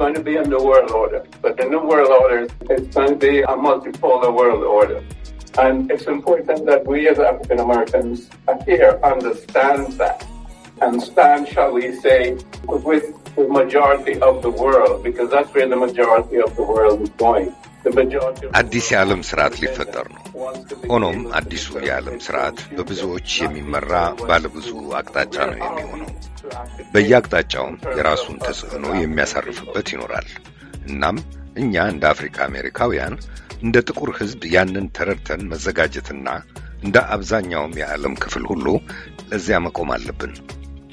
going to be a new world order, but the new world order is going to be a multipolar world order. And it's important that we as African Americans here understand that and stand, shall we say, with the majority of the world, because that's where the majority of the world is going. አዲስ የዓለም ስርዓት ሊፈጠር ነው። ሆኖም አዲሱ የዓለም ስርዓት በብዙዎች የሚመራ ባለብዙ አቅጣጫ ነው የሚሆነው። በየአቅጣጫውም የራሱን ተጽዕኖ የሚያሳርፍበት ይኖራል። እናም እኛ እንደ አፍሪካ አሜሪካውያን እንደ ጥቁር ሕዝብ ያንን ተረድተን መዘጋጀትና እንደ አብዛኛውም የዓለም ክፍል ሁሉ ለዚያ መቆም አለብን።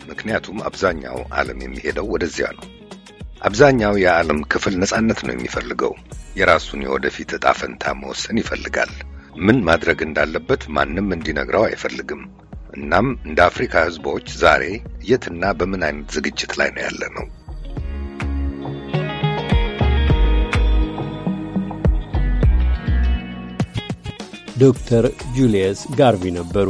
ምክንያቱም አብዛኛው ዓለም የሚሄደው ወደዚያ ነው። አብዛኛው የዓለም ክፍል ነጻነት ነው የሚፈልገው። የራሱን የወደፊት ዕጣ ፈንታ መወሰን ይፈልጋል። ምን ማድረግ እንዳለበት ማንም እንዲነግረው አይፈልግም። እናም እንደ አፍሪካ ሕዝቦች ዛሬ የትና በምን አይነት ዝግጅት ላይ ነው ያለ ነው? ዶክተር ጁልየስ ጋርቪ ነበሩ።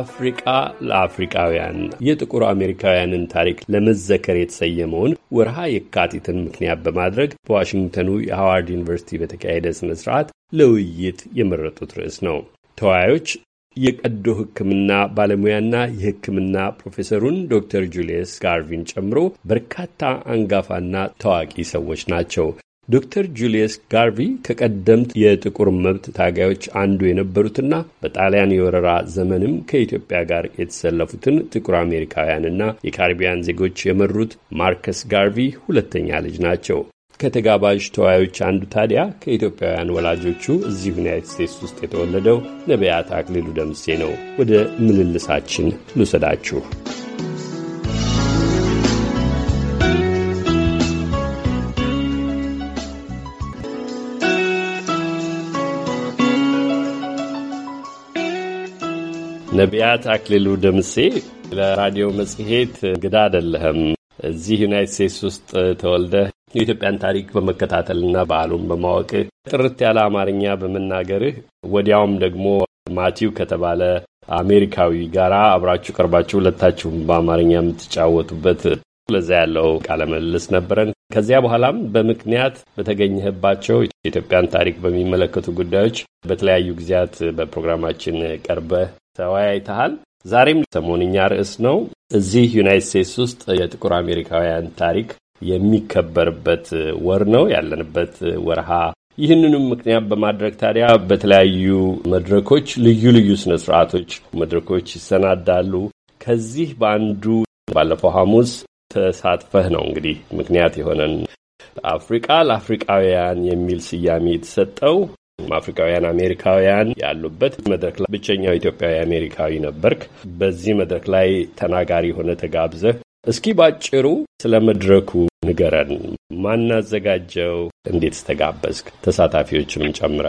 አፍሪቃ ለአፍሪቃውያን የጥቁር አሜሪካውያንን ታሪክ ለመዘከር የተሰየመውን ወርሃ የካቲትን ምክንያት በማድረግ በዋሽንግተኑ የሃዋርድ ዩኒቨርሲቲ በተካሄደ ስነ ስርዓት ለውይይት የመረጡት ርዕስ ነው። ተወያዮች የቀዶ ሕክምና ባለሙያና የሕክምና ፕሮፌሰሩን ዶክተር ጁልየስ ጋርቪን ጨምሮ በርካታ አንጋፋና ታዋቂ ሰዎች ናቸው። ዶክተር ጁልየስ ጋርቪ ከቀደምት የጥቁር መብት ታጋዮች አንዱ የነበሩትና በጣሊያን የወረራ ዘመንም ከኢትዮጵያ ጋር የተሰለፉትን ጥቁር አሜሪካውያንና የካሪቢያን ዜጎች የመሩት ማርከስ ጋርቪ ሁለተኛ ልጅ ናቸው። ከተጋባዥ ተወያዮች አንዱ ታዲያ ከኢትዮጵያውያን ወላጆቹ እዚህ ዩናይትድ ስቴትስ ውስጥ የተወለደው ነቢያት አክሊሉ ደምሴ ነው። ወደ ምልልሳችን ልውሰዳችሁ። ነቢያት አክሊሉ ደምሴ ለራዲዮ መጽሔት እንግዳ አይደለህም። እዚህ ዩናይት ስቴትስ ውስጥ ተወልደህ የኢትዮጵያን ታሪክ በመከታተልና በዓሉን በማወቅ ጥርት ያለ አማርኛ በመናገርህ ወዲያውም ደግሞ ማቲው ከተባለ አሜሪካዊ ጋራ አብራችሁ ቀርባችሁ ሁለታችሁም በአማርኛ የምትጫወቱበት ለዛ ያለው ቃለ ምልልስ ነበረን። ከዚያ በኋላም በምክንያት በተገኘህባቸው የኢትዮጵያን ታሪክ በሚመለከቱ ጉዳዮች በተለያዩ ጊዜያት በፕሮግራማችን ቀርበህ ተወያይተሃል። ዛሬም ሰሞንኛ ርዕስ ነው። እዚህ ዩናይት ስቴትስ ውስጥ የጥቁር አሜሪካውያን ታሪክ የሚከበርበት ወር ነው ያለንበት ወርሃ። ይህንንም ምክንያት በማድረግ ታዲያ በተለያዩ መድረኮች ልዩ ልዩ ስነ ስርዓቶች፣ መድረኮች ይሰናዳሉ። ከዚህ በአንዱ ባለፈው ሐሙስ ተሳትፈህ ነው እንግዲህ ምክንያት የሆነን አፍሪቃ ለአፍሪቃውያን የሚል ስያሜ የተሰጠው አፍሪካውያን አሜሪካውያን ያሉበት መድረክ ላይ ብቸኛው ኢትዮጵያዊ አሜሪካዊ ነበርክ። በዚህ መድረክ ላይ ተናጋሪ ሆነ ተጋብዘህ፣ እስኪ ባጭሩ ስለ መድረኩ ንገረን። ማናዘጋጀው? እንዴት ተጋበዝክ? ተሳታፊዎችም ጨምረ።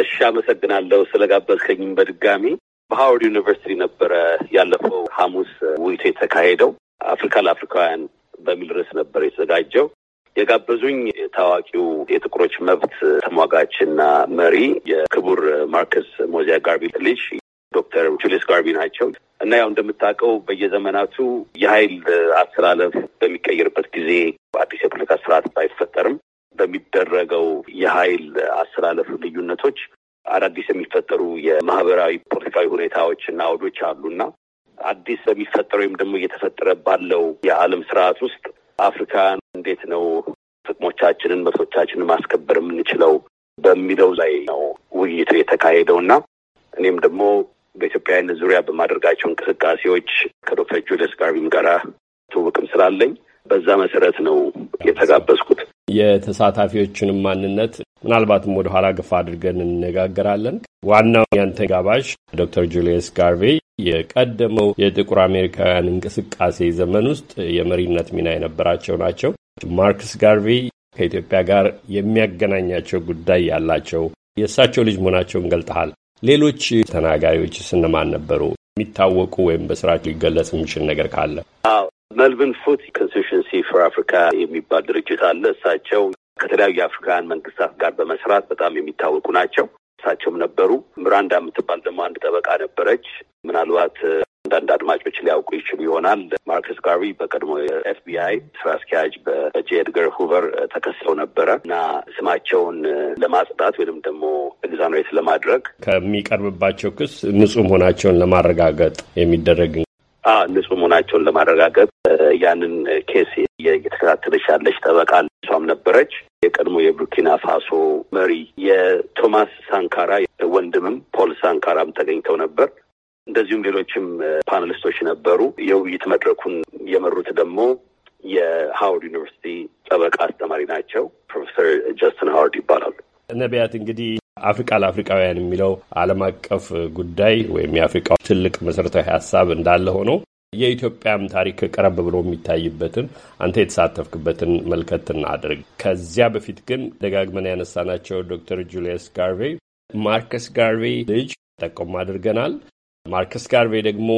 እሺ፣ አመሰግናለሁ ስለጋበዝከኝም። በድጋሚ በሃዋርድ ዩኒቨርሲቲ ነበረ ያለፈው ሐሙስ ውይይቱ የተካሄደው። አፍሪካ ለአፍሪካውያን በሚል ርዕስ ነበር የተዘጋጀው። የጋበዙኝ ታዋቂው የጥቁሮች መብት ተሟጋችና መሪ የክቡር ማርከስ ሞዚያ ጋርቢ ልጅ ዶክተር ጁሊስ ጋርቢ ናቸው እና ያው እንደምታውቀው በየዘመናቱ የኃይል አስተላለፍ በሚቀየርበት ጊዜ አዲስ የፖለቲካ ስርዓት ባይፈጠርም በሚደረገው የኃይል አስተላለፍ ልዩነቶች አዳዲስ የሚፈጠሩ የማህበራዊ ፖለቲካዊ ሁኔታዎች እና አውዶች አሉና አዲስ የሚፈጠሩ ወይም ደግሞ እየተፈጠረ ባለው የዓለም ስርዓት ውስጥ አፍሪካን እንዴት ነው ጥቅሞቻችንን መብቶቻችንን ማስከበር የምንችለው በሚለው ላይ ነው ውይይቱ የተካሄደው እና እኔም ደግሞ በኢትዮጵያዊነት ዙሪያ በማደርጋቸው እንቅስቃሴዎች ከዶክተር ጁልስ ጋርቢም ጋር ትውቅም ስላለኝ በዛ መሰረት ነው የተጋበዝኩት። የተሳታፊዎቹንም ማንነት ምናልባትም ወደ ኋላ ግፋ አድርገን እንነጋገራለን። ዋናው ያንተ ጋባዥ ዶክተር ጁልየስ ጋርቬ የቀደመው የጥቁር አሜሪካውያን እንቅስቃሴ ዘመን ውስጥ የመሪነት ሚና የነበራቸው ናቸው። ማርክስ ጋርቪ ከኢትዮጵያ ጋር የሚያገናኛቸው ጉዳይ ያላቸው የእሳቸው ልጅ መሆናቸውን ገልጠሃል። ሌሎች ተናጋሪዎች ስነማን ነበሩ? የሚታወቁ ወይም በስራቸው ሊገለጽ የሚችል ነገር ካለ? አዎ ፉት ኮንስቲቱሽንሲ ፎር አፍሪካ የሚባል ድርጅት አለ። እሳቸው ከተለያዩ የአፍሪካውያን መንግስታት ጋር በመስራት በጣም የሚታወቁ ናቸው። እሳቸውም ነበሩ። ምራንዳ የምትባል ደግሞ አንድ ጠበቃ ነበረች። ምናልባት አንዳንድ አድማጮች ሊያውቁ ይችሉ ይሆናል። ማርከስ ጋርቪ በቀድሞ የኤፍቢአይ ስራ አስኪያጅ በጄ ኤድገር ሁቨር ተከሰው ነበረ እና ስማቸውን ለማጽዳት ወይም ደግሞ ኤግዛኖሬት ለማድረግ ከሚቀርብባቸው ክስ ንጹህ መሆናቸውን ለማረጋገጥ የሚደረግ ንጹህ መሆናቸውን ለማረጋገጥ ያንን ኬስ እየተከታተለች ያለች ጠበቃ እሷም ነበረች። የቀድሞ የቡርኪና ፋሶ መሪ የቶማስ ሳንካራ ወንድምም ፖል ሳንካራም ተገኝተው ነበር። እንደዚሁም ሌሎችም ፓነሊስቶች ነበሩ። የውይይት መድረኩን የመሩት ደግሞ የሃዋርድ ዩኒቨርሲቲ ጠበቃ አስተማሪ ናቸው። ፕሮፌሰር ጀስትን ሃዋርድ ይባላሉ። ነቢያት እንግዲህ አፍሪቃ ለአፍሪቃውያን የሚለው ዓለም አቀፍ ጉዳይ ወይም የአፍሪቃ ትልቅ መሰረታዊ ሀሳብ እንዳለ ሆኖ የኢትዮጵያም ታሪክ ቀረብ ብሎ የሚታይበትን አንተ የተሳተፍክበትን መልከት እናድርግ። ከዚያ በፊት ግን ደጋግመን ያነሳናቸው ዶክተር ጁልየስ ጋርቬ ማርከስ ጋርቬይ ልጅ ጠቆም አድርገናል። ማርከስ ጋርቬ ደግሞ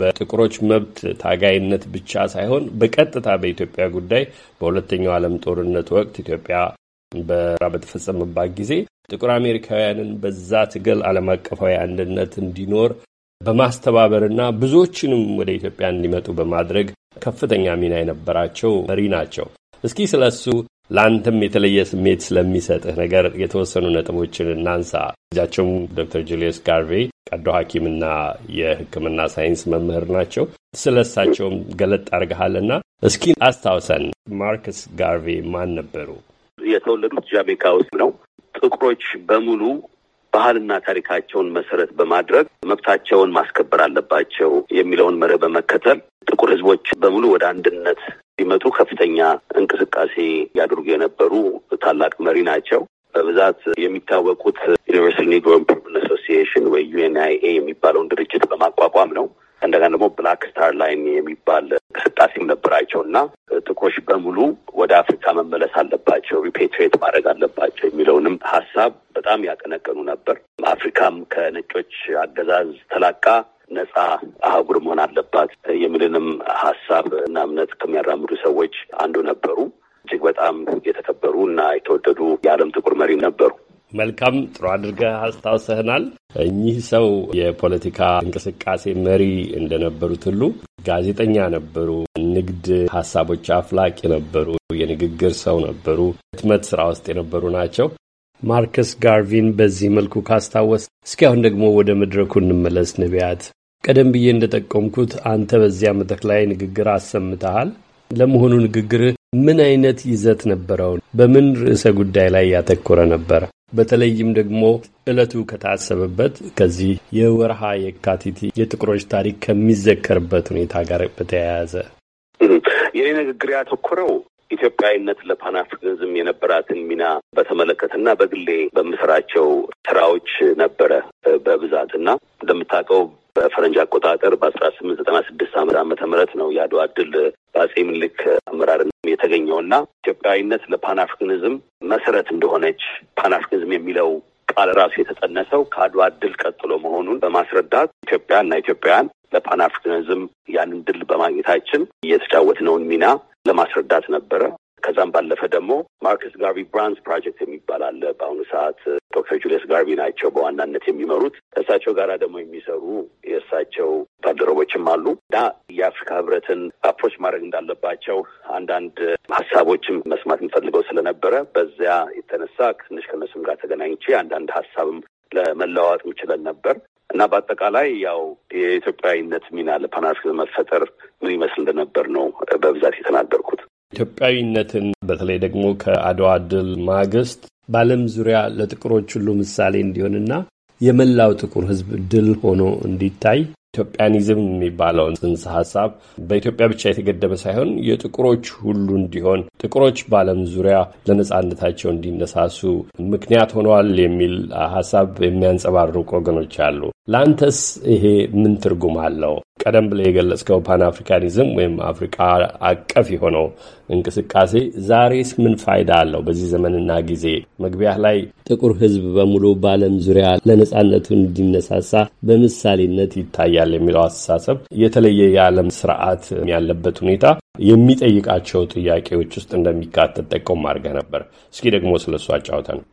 በጥቁሮች መብት ታጋይነት ብቻ ሳይሆን በቀጥታ በኢትዮጵያ ጉዳይ በሁለተኛው ዓለም ጦርነት ወቅት ኢትዮጵያ በራ በተፈጸመባት ጊዜ ጥቁር አሜሪካውያንን በዛ ትግል ዓለም አቀፋዊ አንድነት እንዲኖር በማስተባበርና ብዙዎችንም ወደ ኢትዮጵያ እንዲመጡ በማድረግ ከፍተኛ ሚና የነበራቸው መሪ ናቸው። እስኪ ስለ እሱ ለአንተም የተለየ ስሜት ስለሚሰጥህ ነገር የተወሰኑ ነጥቦችን እናንሳ። ልጃቸው ዶክተር ጁልየስ ጋርቬ ቀዶ ሐኪምና የሕክምና ሳይንስ መምህር ናቸው። ስለ እሳቸውም ገለጥ አድርገሃልና እስኪ አስታውሰን ማርክስ ጋርቬ ማን ነበሩ? የተወለዱት ጃሜካ ውስጥ ነው። ጥቁሮች በሙሉ ባህልና ታሪካቸውን መሰረት በማድረግ መብታቸውን ማስከበር አለባቸው የሚለውን መርህ በመከተል ጥቁር ህዝቦች በሙሉ ወደ አንድነት ሊመጡ ከፍተኛ እንቅስቃሴ ያደርጉ የነበሩ ታላቅ መሪ ናቸው። በብዛት የሚታወቁት ዩኒቨርሳል ኒግሮ አሶሲዬሽን ወይ ዩኤንአይኤ የሚባለውን ድርጅት በማቋቋም ነው። እንደገና ደግሞ ብላክ ስታር ላይን የሚባል እንቅስቃሴም ነበራቸው እና ጥቁሮች በሙሉ ወደ አፍሪካ መመለስ አለባቸው፣ ሪፔትሬት ማድረግ አለባቸው የሚለውንም ሀሳብ በጣም ያቀነቀኑ ነበር። አፍሪካም ከነጮች አገዛዝ ተላቃ ነጻ አህጉር መሆን አለባት የሚልንም ሀሳብ እና እምነት ከሚያራምዱ ሰዎች አንዱ ነበሩ። እጅግ በጣም የተከበሩ እና የተወደዱ የዓለም ጥቁር መሪ ነበሩ። መልካም ጥሩ አድርገህ አስታውሰህናል። እኚህ ሰው የፖለቲካ እንቅስቃሴ መሪ እንደነበሩት ሁሉ ጋዜጠኛ ነበሩ፣ ንግድ ሀሳቦች አፍላቂ ነበሩ፣ የንግግር ሰው ነበሩ፣ ህትመት ስራ ውስጥ የነበሩ ናቸው። ማርከስ ጋርቪን በዚህ መልኩ ካስታወስ፣ እስኪ አሁን ደግሞ ወደ መድረኩ እንመለስ። ነቢያት፣ ቀደም ብዬ እንደጠቆምኩት አንተ በዚያ መድረክ ላይ ንግግር አሰምተሃል። ለመሆኑ ንግግርህ ምን አይነት ይዘት ነበረው? በምን ርዕሰ ጉዳይ ላይ ያተኮረ ነበር? በተለይም ደግሞ እለቱ ከታሰበበት ከዚህ የወርሃ የካቲት የጥቁሮች ታሪክ ከሚዘከርበት ሁኔታ ጋር በተያያዘ የኔ ንግግር ያተኮረው ኢትዮጵያዊነት ለፓን የነበራትን ሚና በተመለከተና በግሌ በምስራቸው ስራዎች ነበረ በብዛት እና እንደምታውቀው በፈረንጅ አቆጣጠር በአስራ ስምንት ዘጠና ስድስት ዓመት ዓመተ ምህረት ነው የአድዋ ድል በአጼ ምኒልክ አመራር የተገኘውና ኢትዮጵያዊነት ለፓንአፍሪካኒዝም መሰረት እንደሆነች ፓንአፍሪካኒዝም የሚለው ቃል ራሱ የተጠነሰው ከአድዋ ድል ቀጥሎ መሆኑን በማስረዳት ኢትዮጵያና ኢትዮጵያውያን ለፓንአፍሪካኒዝም ያንን ድል በማግኘታችን እየተጫወትነውን ሚና ለማስረዳት ነበረ። ከዛም ባለፈ ደግሞ ማርከስ ጋርቪ ብራንስ ፕሮጀክት የሚባል አለ። በአሁኑ ሰዓት ዶክተር ጁልየስ ጋርቪ ናቸው በዋናነት የሚመሩት። ከእሳቸው ጋር ደግሞ የሚሰሩ የእሳቸው ባልደረቦችም አሉ እና የአፍሪካ ህብረትን አፕሮች ማድረግ እንዳለባቸው አንዳንድ ሀሳቦችም መስማት የምፈልገው ስለነበረ በዚያ የተነሳ ትንሽ ከነሱም ጋር ተገናኝቼ አንዳንድ ሀሳብም ለመለዋወጥ ምችለን ነበር እና በአጠቃላይ ያው የኢትዮጵያዊነት ሚና ለፓን መፈጠር ምን ይመስል እንደነበር ነው በብዛት የተናገርኩት። ኢትዮጵያዊነትን በተለይ ደግሞ ከአድዋ ድል ማግስት በዓለም ዙሪያ ለጥቁሮች ሁሉ ምሳሌ እንዲሆንና የመላው ጥቁር ሕዝብ ድል ሆኖ እንዲታይ ኢትዮጵያኒዝም የሚባለውን ጽንሰ ሀሳብ በኢትዮጵያ ብቻ የተገደበ ሳይሆን የጥቁሮች ሁሉ እንዲሆን ጥቁሮች በዓለም ዙሪያ ለነጻነታቸው እንዲነሳሱ ምክንያት ሆነዋል የሚል ሀሳብ የሚያንጸባርቁ ወገኖች አሉ። ለአንተስ ይሄ ምን ትርጉም አለው? ቀደም ብለህ የገለጽከው ፓን አፍሪካኒዝም ወይም አፍሪካ አቀፍ የሆነው እንቅስቃሴ ዛሬስ ምን ፋይዳ አለው? በዚህ ዘመንና ጊዜ መግቢያ ላይ ጥቁር ሕዝብ በሙሉ በዓለም ዙሪያ ለነጻነቱ እንዲነሳሳ በምሳሌነት ይታያል የሚለው አስተሳሰብ የተለየ የዓለም ስርዓት ያለበት ሁኔታ የሚጠይቃቸው ጥያቄዎች ውስጥ እንደሚካተት ጠቆም አድርገህ ነበር። እስኪ ደግሞ ስለሱ አጫውተን ነው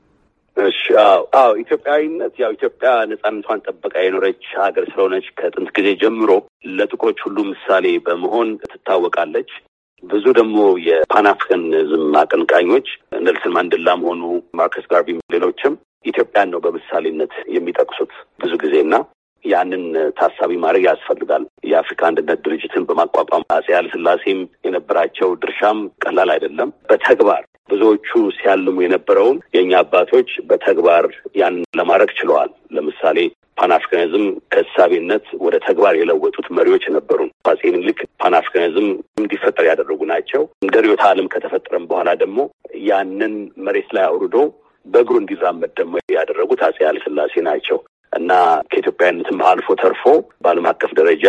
እሺ አዎ አዎ ኢትዮጵያዊነት ያው ኢትዮጵያ ነጻነቷን ጠበቃ የኖረች ሀገር ስለሆነች ከጥንት ጊዜ ጀምሮ ለጥቁሮች ሁሉ ምሳሌ በመሆን ትታወቃለች። ብዙ ደግሞ የፓን አቀንቃኞች ኔልሰን ማንዴላም ሆኑ ማርከስ ጋርቢም ሌሎችም ኢትዮጵያን ነው በምሳሌነት የሚጠቅሱት ብዙ ጊዜና ያንን ታሳቢ ማድረግ ያስፈልጋል። የአፍሪካ አንድነት ድርጅትን በማቋቋም አፄ ስላሴም የነበራቸው ድርሻም ቀላል አይደለም። በተግባር ብዙዎቹ ሲያልሙ የነበረውን የእኛ አባቶች በተግባር ያን ለማድረግ ችለዋል። ለምሳሌ ፓንአፍሪካኒዝም ከእሳቤነት ወደ ተግባር የለወጡት መሪዎች ነበሩ። አፄ ምኒልክ ፓንአፍሪካኒዝም እንዲፈጠር ያደረጉ ናቸው። እንደ ርዕዮተ ዓለም ከተፈጠረም በኋላ ደግሞ ያንን መሬት ላይ አውርዶ በእግሩ እንዲራመድ ደግሞ ያደረጉት አፄ ኃይለ ሥላሴ ናቸው። እና ከኢትዮጵያዊነትም አልፎ ተርፎ በዓለም አቀፍ ደረጃ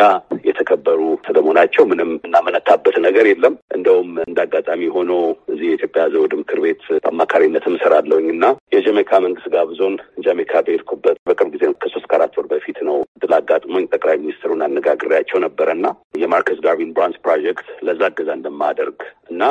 የተከበሩ ስለመሆናቸው ምንም እናመነታበት ነገር የለም። እንደውም እንደ አጋጣሚ ሆኖ እዚህ የኢትዮጵያ ዘውድ ምክር ቤት አማካሪነትም እሰራለሁኝ እና የጀሜካ መንግስት ጋብዞን ጀሜካ በሄድኩበት በቅርብ ጊዜ ከሶስት ከአራት ወር በፊት ነው ድል አጋጥሞኝ ጠቅላይ ሚኒስትሩን አነጋግሬያቸው ነበረ እና የማርከስ ጋርቪን ብራንስ ፕሮጀክት ለዛ እገዛ እንደማደርግ እና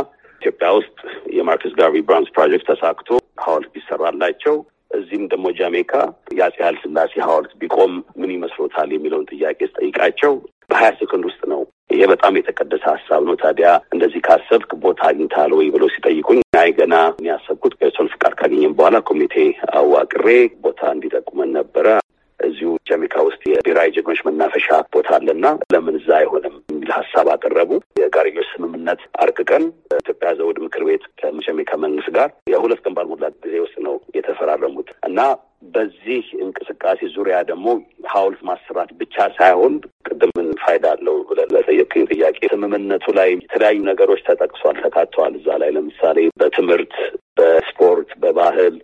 ኢትዮጵያ ውስጥ የማርከስ ጋርቪ ብራንስ ፕሮጀክት ተሳክቶ ሐውልት ቢሰራላቸው እዚህም ደግሞ ጃሜካ የአፄ ኃይለ ሥላሴ ሐውልት ቢቆም ምን ይመስሎታል የሚለውን ጥያቄ ስጠይቃቸው በሀያ ሰከንድ ውስጥ ነው። ይሄ በጣም የተቀደሰ ሀሳብ ነው። ታዲያ እንደዚህ ካሰብክ ቦታ አግኝታል ወይ ብለው ሲጠይቁኝ አይ ገና ያሰብኩት ከሰልፍ ፍቃድ ካገኘም በኋላ ኮሚቴ አዋቅሬ ቦታ እንዲጠቁመን ነበረ እዚሁ ጀሚካ ውስጥ የብሔራዊ ጀግኖች መናፈሻ ቦታ አለና ለምን እዛ አይሆንም የሚል ሀሳብ አቀረቡ። የጋርዮች ስምምነት አርቅቀን ኢትዮጵያ ዘውድ ምክር ቤት ከጀሚካ መንግስት ጋር የሁለት ቀን ባልሞላ ጊዜ ውስጥ ነው የተፈራረሙት እና በዚህ እንቅስቃሴ ዙሪያ ደግሞ ሀውልት ማሰራት ብቻ ሳይሆን ቅድምን ፋይዳ አለው ለጠየቅኝ ጥያቄ ስምምነቱ ላይ የተለያዩ ነገሮች ተጠቅሷል፣ ተካተዋል። እዛ ላይ ለምሳሌ በትምህርት፣ በስፖርት፣ በባህል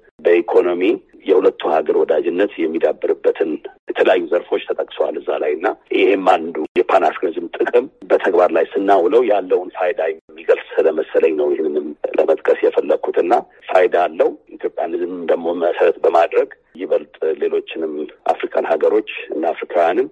ተወዳጅነት የሚዳብርበትን የተለያዩ ዘርፎች ተጠቅሰዋል እዛ ላይ እና ይህም አንዱ የፓን አፍሪካኒዝም ጥቅም በተግባር ላይ ስናውለው ያለውን ፋይዳ የሚገልጽ ስለመሰለኝ ነው ይህንንም ለመጥቀስ የፈለግኩት እና ፋይዳ አለው። ኢትዮጵያንዝም ደግሞ መሰረት በማድረግ ይበልጥ ሌሎችንም አፍሪካን ሀገሮች እና አፍሪካውያንን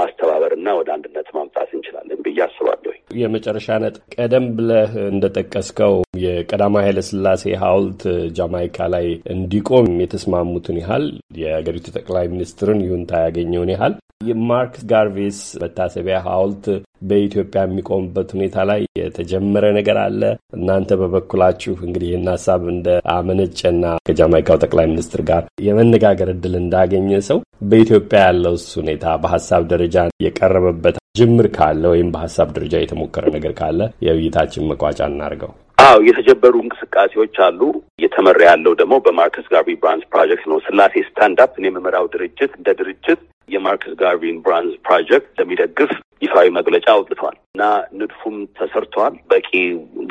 ማስተባበር እና ወደ አንድነት ማምጣት እንችላለን ብዬ አስባለሁ። የመጨረሻ ነጥብ ቀደም ብለህ እንደጠቀስከው የቀዳማዊ ኃይለስላሴ ሐውልት ጃማይካ ላይ እንዲቆም የተስማሙትን ያህል የአገሪቱ ጠቅላይ ሚኒስትርን ይሁንታ ያገኘውን ያህል የማርክ ጋርቪስ መታሰቢያ ሐውልት በኢትዮጵያ የሚቆምበት ሁኔታ ላይ የተጀመረ ነገር አለ። እናንተ በበኩላችሁ እንግዲህ ይህን ሀሳብ እንደ አመነጨና ከጃማይካው ጠቅላይ ሚኒስትር ጋር የመነጋገር እድል እንዳገኘ ሰው በኢትዮጵያ ያለው ሁኔታ በሀሳብ ደረጃ የቀረበበት ጅምር ካለ ወይም በሀሳብ ደረጃ የተሞከረ ነገር ካለ የውይይታችን መቋጫ እናርገው። አዎ የተጀበሩ እንቅስቃሴዎች አሉ። እየተመራ ያለው ደግሞ በማርከስ ጋርቪ ብራንዝ ፕሮጀክት ነው። ስላሴ ስታንዳፕ የመመራው ድርጅት እንደ ድርጅት የማርከስ ጋርቪን ብራንዝ ፕሮጀክት እንደሚደግፍ ይፋዊ መግለጫ አውጥቷል እና ንድፉም ተሰርቷል። በቂ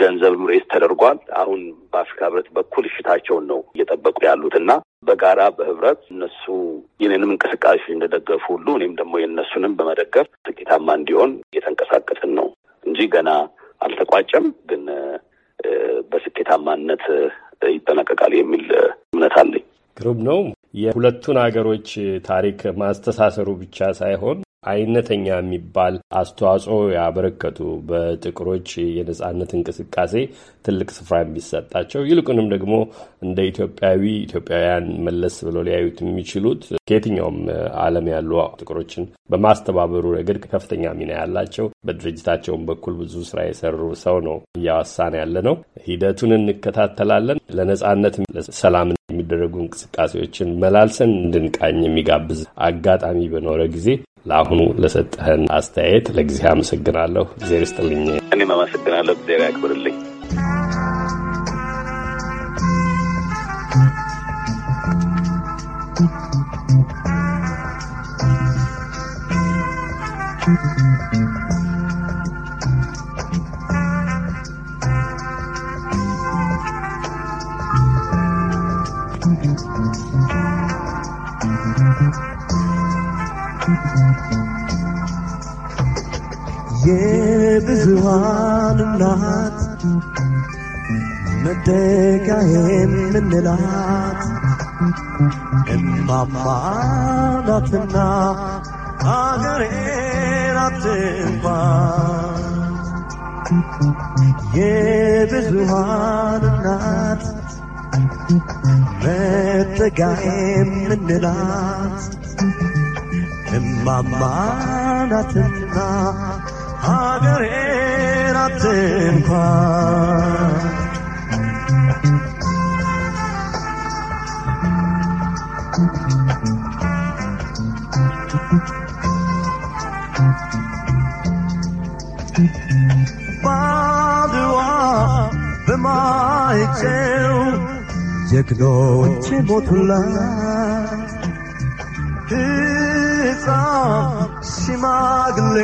ገንዘብ ሬስ ተደርጓል። አሁን በአፍሪካ ህብረት በኩል እሽታቸውን ነው እየጠበቁ ያሉት እና በጋራ በህብረት እነሱ የኔንም እንቅስቃሴ እንደደገፉ ሁሉ እኔም ደግሞ የእነሱንም በመደገፍ ስኬታማ እንዲሆን እየተንቀሳቀስን ነው እንጂ ገና አልተቋጨም ግን በስኬታማነት ይጠናቀቃል የሚል እምነት አለኝ። ግሩም ነው። የሁለቱን ሀገሮች ታሪክ ማስተሳሰሩ ብቻ ሳይሆን አይነተኛ የሚባል አስተዋጽኦ ያበረከቱ በጥቁሮች የነጻነት እንቅስቃሴ ትልቅ ስፍራ የሚሰጣቸው ይልቁንም ደግሞ እንደ ኢትዮጵያዊ ኢትዮጵያውያን መለስ ብለው ሊያዩት የሚችሉት ከየትኛውም ዓለም ያሉ ጥቁሮችን በማስተባበሩ ረገድ ከፍተኛ ሚና ያላቸው በድርጅታቸውን በኩል ብዙ ስራ የሰሩ ሰው ነው እያወሳን ያለ ነው። ሂደቱን እንከታተላለን። ለነጻነት ሰላም የሚደረጉ እንቅስቃሴዎችን መላልሰን እንድንቃኝ የሚጋብዝ አጋጣሚ በኖረ ጊዜ ለአሁኑ ለሰጠህን አስተያየት ለጊዜ አመሰግናለሁ። እግዜር ይስጥልኝ። እኔም አመሰግናለሁ። እግዜር ያክብርልኝ። ስንላት እማማናትና ናትና አገሬ ናት እንኳን የብዙሃን እናት መጠጊያ የምንላት እማማ ናትና አገሬ ባድዋ በማይጨው ጀግኖች ሞቱላት ሕፃን ሽማግሌ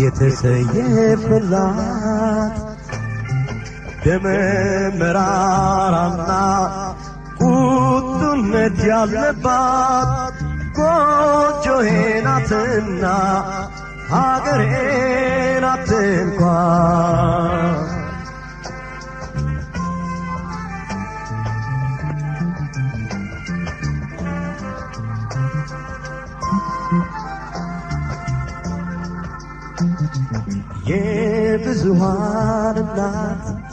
የተሰየፈላት ደመ መራራና ቁጡነት ያለባት ጎጆዬ ናትና ሀገሬ ናት እንኳ የብዙሃን እናት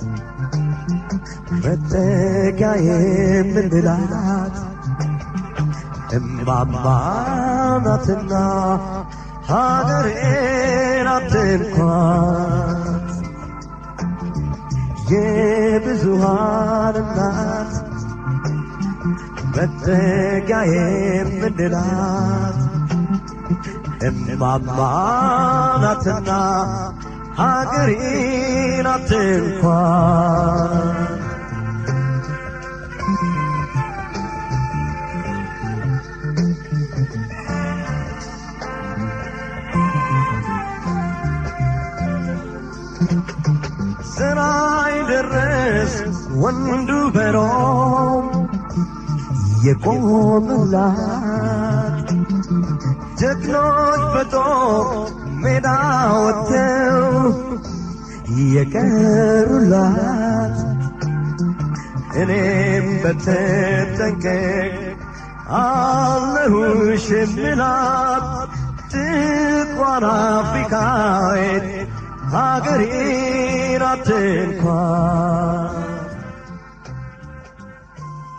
መጠጊያ የምንላት እማማ ናትና ሀገሬን አትንኳት የብዙሃን እናት መጠጊያ የምንላት እማማ ናትና ሀገሬን አትንኳት ወንዱ በሮም የቆምላት ጀግኖች በጦር ሜዳ ወጥተው የቀሩላት እኔም በተጠንቀቅ አለሁሽ የምላት ጥቋር አፍሪካዊት ሀገሬ ናት እንኳን